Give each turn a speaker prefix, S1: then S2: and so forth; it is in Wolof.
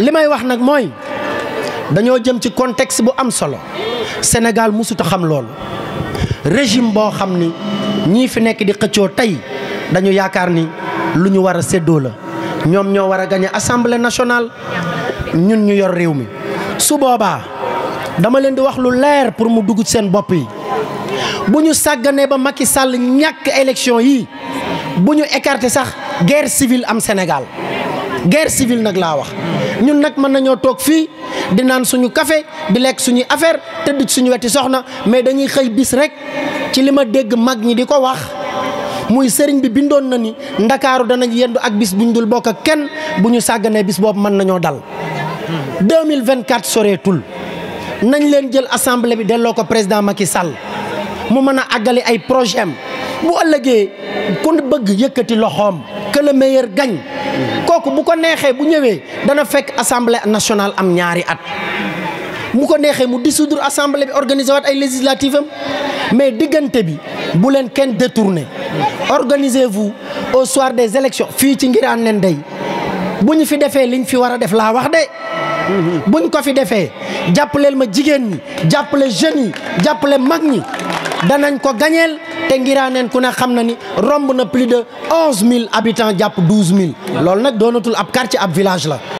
S1: li may wax nag mooy dañoo jëm ci contexte bu am solo Sénégal mësut a xam loolu régime boo xam ni ñii fi nekk di xëccoo tey dañu yaakaar ni lu ñu war a séddoo la ñoom ñoo war a gañe assemblée nationale ñun ñu yor réew mi su boobaa dama leen di wax lu leer pour mu dugg seen bopp yi bu ñu sàgganee ba Macky sàll ñàkk élection yi bu ñu écarté sax guerre civile am Sénégal ger civile nag laa wax ñun nag mën nañoo toog fii di naan suñu kafe di lekk suñuy affaire tëdd ci suñu weti soxna mais dañuy xëy bis rek ci li ma dégg mag ñi di ko wax muy sëriñ bi bindoon na ni ndakaaru danañ yendu ak bis buñ dul bokk ak kenn bu ñu sàgganee bis boobu mën nañoo dal 2024 soreetul nañ leen jël assemblée bi delloo ko président Macky Sall mu mën a àggali ay projet am bu ëllëgee ku bëgg yëkkati loxoom que le meilleur kooku bu ko neexee bu ñëwee dana fekk assemblée nationale am ñaari at mu ko neexee mu dissoudre assemblée bi organiser waat ay législative am mais diggante bi bu leen kenn détourné organisez-vous au soir des élections fii ci ngiraan nen day bu ñu fi defee liñ fi war a def laa wax de buñ ko fi defee jàppaleel ma jigéen ñi jàppale jeunes yi jàppale mag ñi danañ ko gañeel te ngiraaneen ku ne xam na ni romb na plus de onze mille habitants jàpp douze mille loolu nag doonatul ab quartier ab village la